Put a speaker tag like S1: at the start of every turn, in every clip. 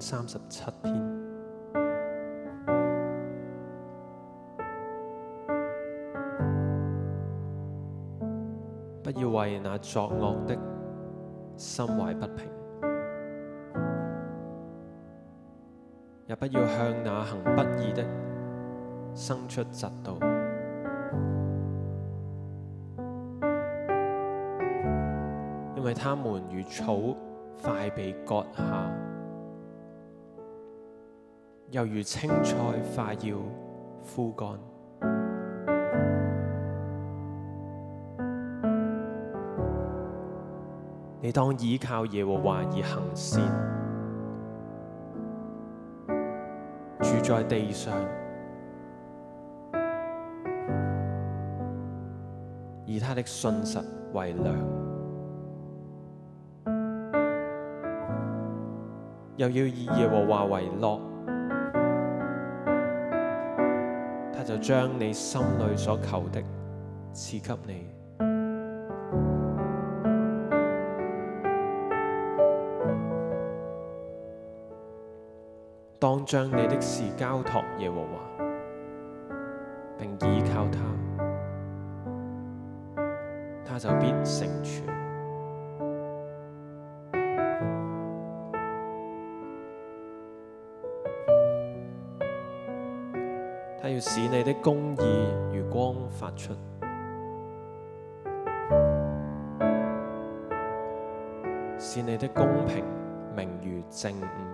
S1: 三十七篇，不要為那作惡的心懷不平，也不要向那行不義的生出嫉妒，因為他們如草，快被割下。猶如青菜快要枯乾，你當倚靠耶和華而行善，住在地上，以他的信實為糧，又要以耶和華為樂。就將你心裏所求的賜給你。當將你的事交託耶和華，並依靠他，他就必成全。是你的公義如光發出，是你的公平明如正午。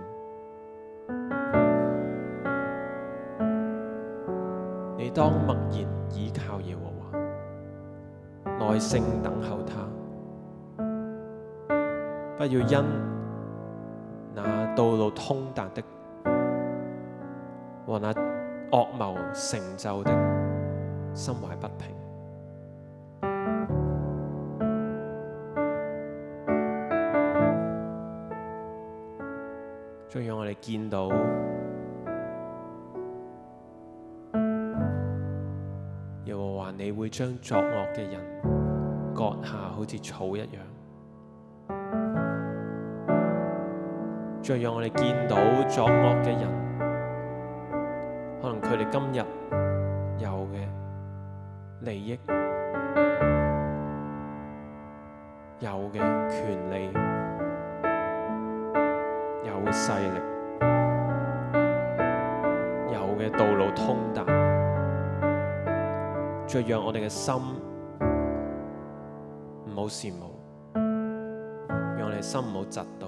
S1: 你當默然倚靠耶和華，耐性等候他，不要因那道路通達的和那惡謀成就的心懷不平，仲要我哋見到，又話你會將作惡嘅人割下，好似草一樣，仲要我哋見到作惡嘅人。佢哋今日有嘅利益，有嘅權利，有嘅勢力，有嘅道路通達，再讓我哋嘅心唔好羨慕，讓我哋心唔好嫉妒。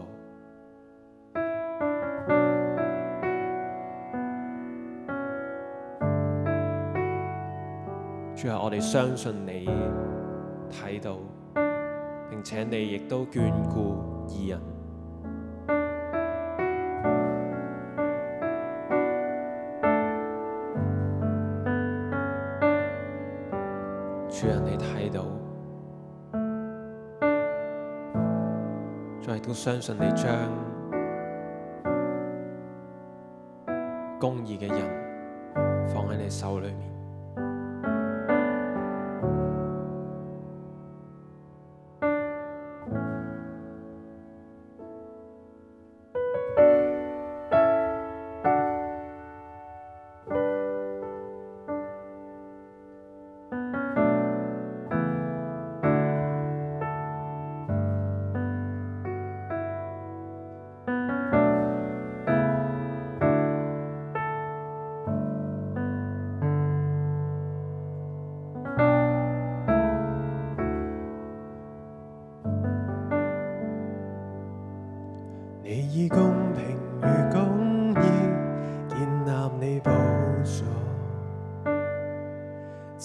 S1: 最後我哋相信你睇到，並且你亦都眷顧二人。主人，你睇到，再亦都相信你將公義嘅人放喺你手裏面。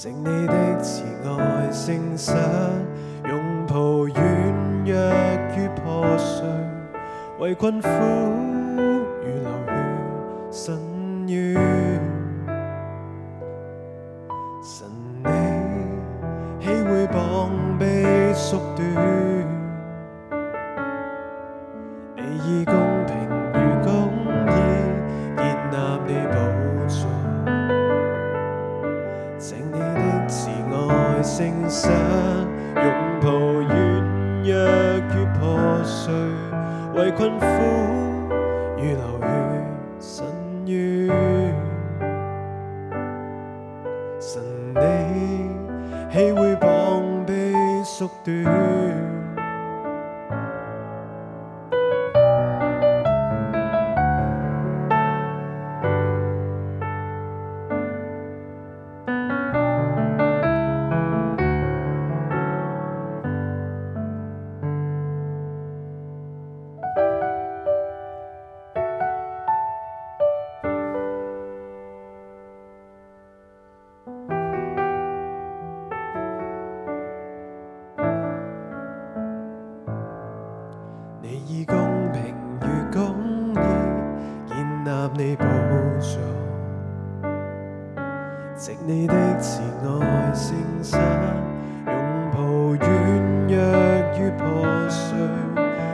S2: 剩你的慈愛，誠實，擁抱軟弱與破碎，為困苦與流血。身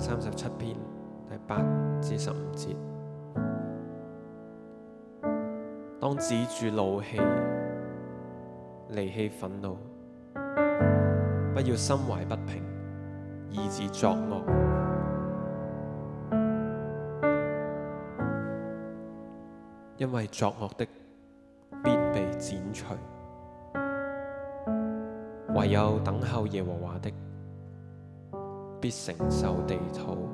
S1: 三十七篇第八至十五節，當止住怒氣，離棄憤怒，不要心懷不平，以致作惡，因為作惡的必被剪除，
S2: 唯
S1: 有等候耶和華的，必承受地土，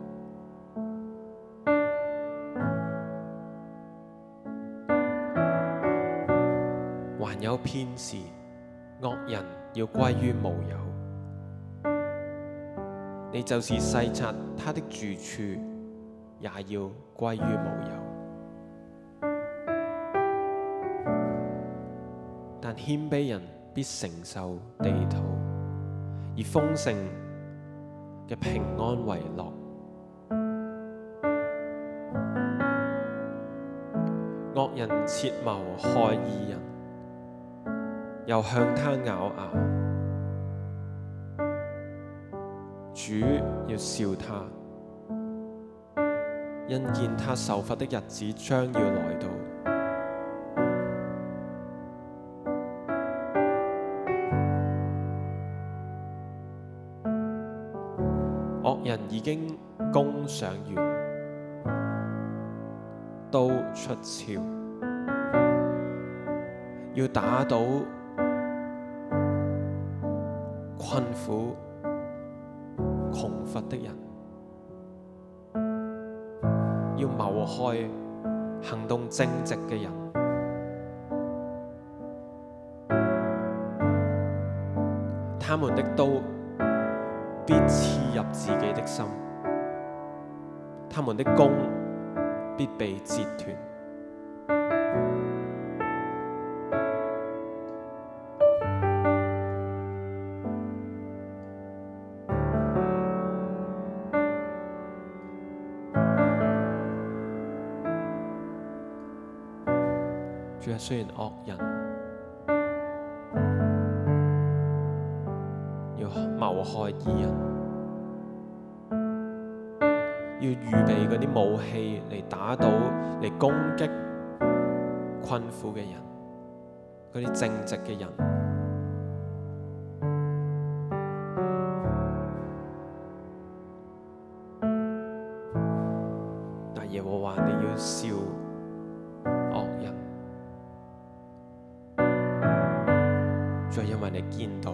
S1: 還有片時惡人要歸於無有。你就是細察他的住處，也要歸於無有。但謙卑人必承受地土，而豐盛嘅平安為樂，惡人設謀害義人，又向他咬牙，主要笑他，因見他受罰的日子將要來到。人已經弓上弦，刀出鞘，要打倒困苦窮乏的人，要謀害行動正直嘅人，他們的刀必刺入自己的心，他們的弓必被折斷。主啊，雖然惡人要謀害義人。要預備嗰啲武器嚟打倒、嚟攻擊困苦嘅人、嗰啲正直嘅人。 但耶和華你要笑惡人，就係、是、因為你見到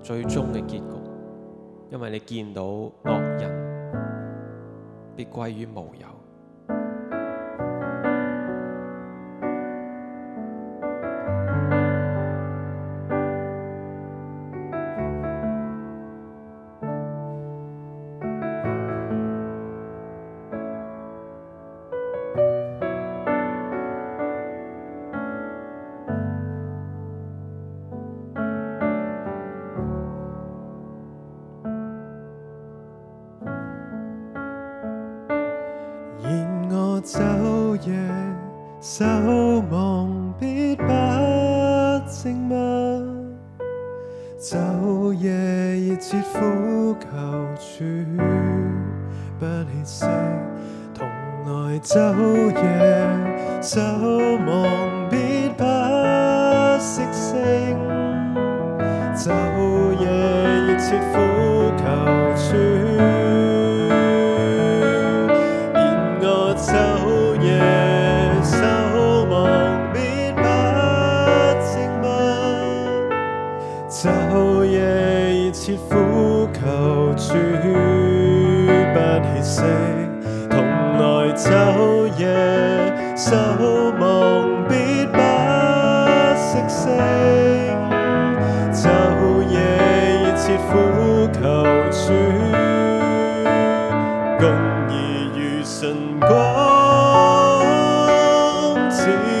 S1: 最終嘅結果，因為你見到。歸於無有。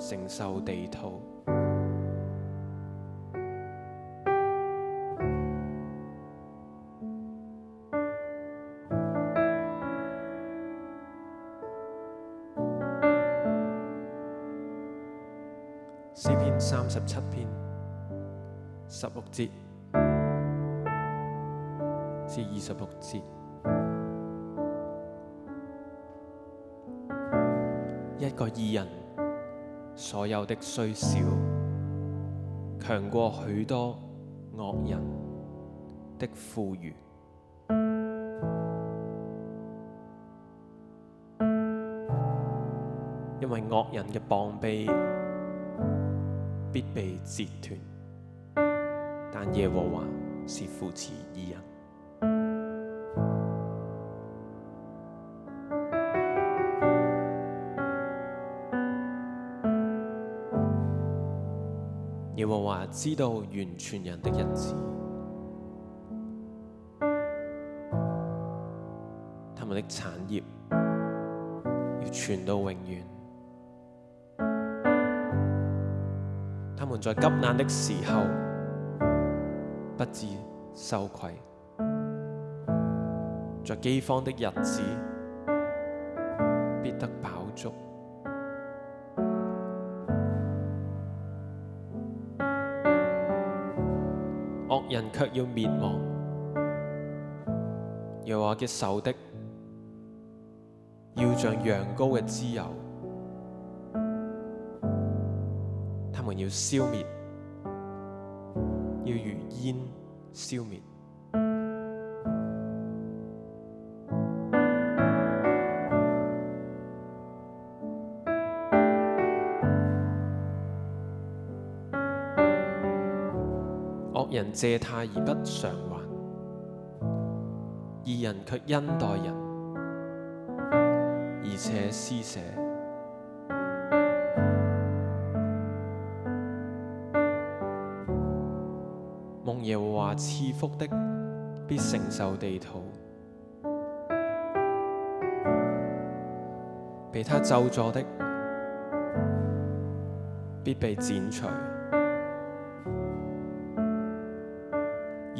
S1: 承受地圖，詩篇三十七篇十六節至二十六節，一個義人。所有的雖少，強過許多惡人的富裕，因為惡人嘅膀臂必被折斷，但耶和華是扶持義人。耶和華知道完全人的日子，他們的產業要傳到永遠，他們在急難的時候不知羞愧，在饑荒的日子必得飽足。卻要滅亡，耶和華的仇敵，要像羊羔嘅脂油，他們要消滅，要如煙消滅。借貸而不償還，義人卻恩待人，而且施捨。蒙耶和華賜福的必承受地土，被他咒詛的必被剪除。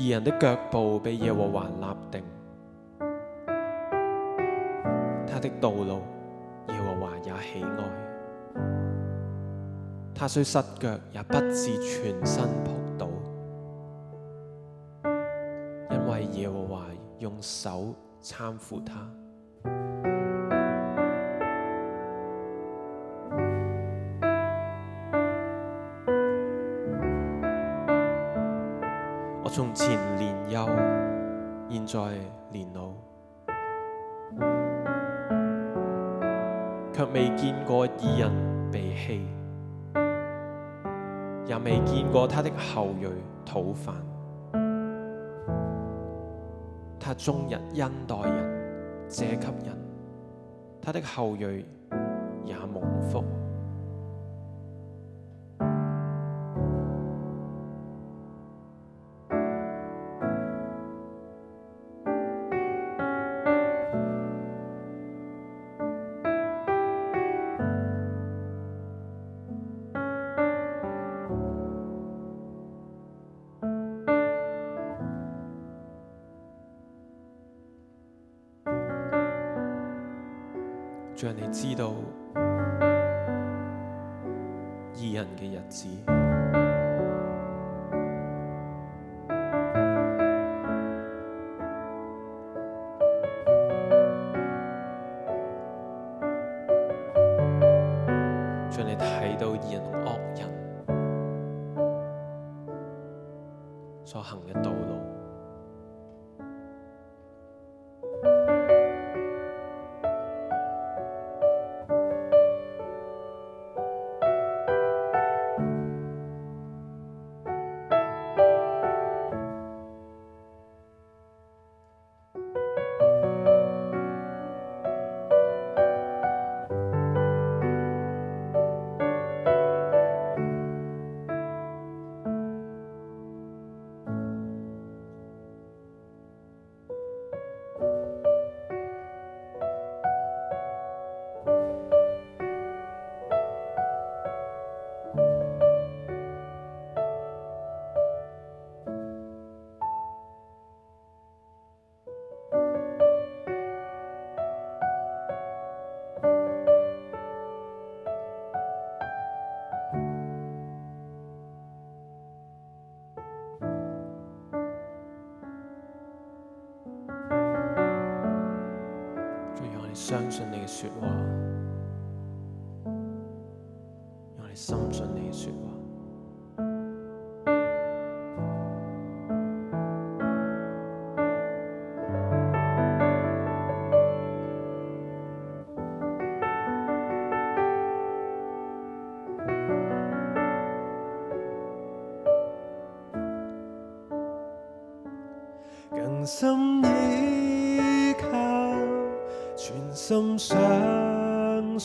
S1: 義人的腳步被耶和華立定，他的道路耶和華也喜愛。他雖失腳，也不至全身仆倒，因為耶和華用手攙扶他。從前年幼，現在年老，卻未見過義人被棄，也未見過他的後裔討飯。他終日恩待人，借給人，他的後裔也蒙福。讓你知道二人嘅日子。相信你嘅說話。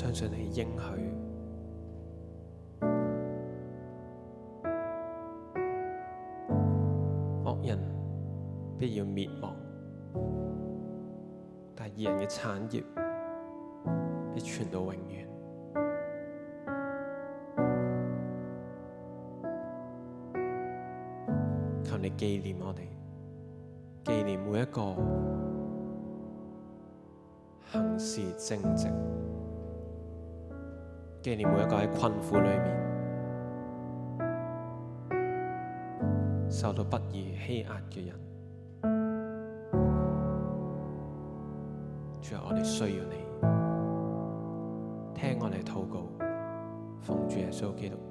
S1: 相信你應許，惡人必要滅亡，但義人嘅產業必傳到永遠。求你紀念我哋，紀念每一個行事正直。謝你每一個喺困苦裏面受到不義欺壓嘅人，主啊，我哋需要你聽我哋禱告，奉主耶穌基督。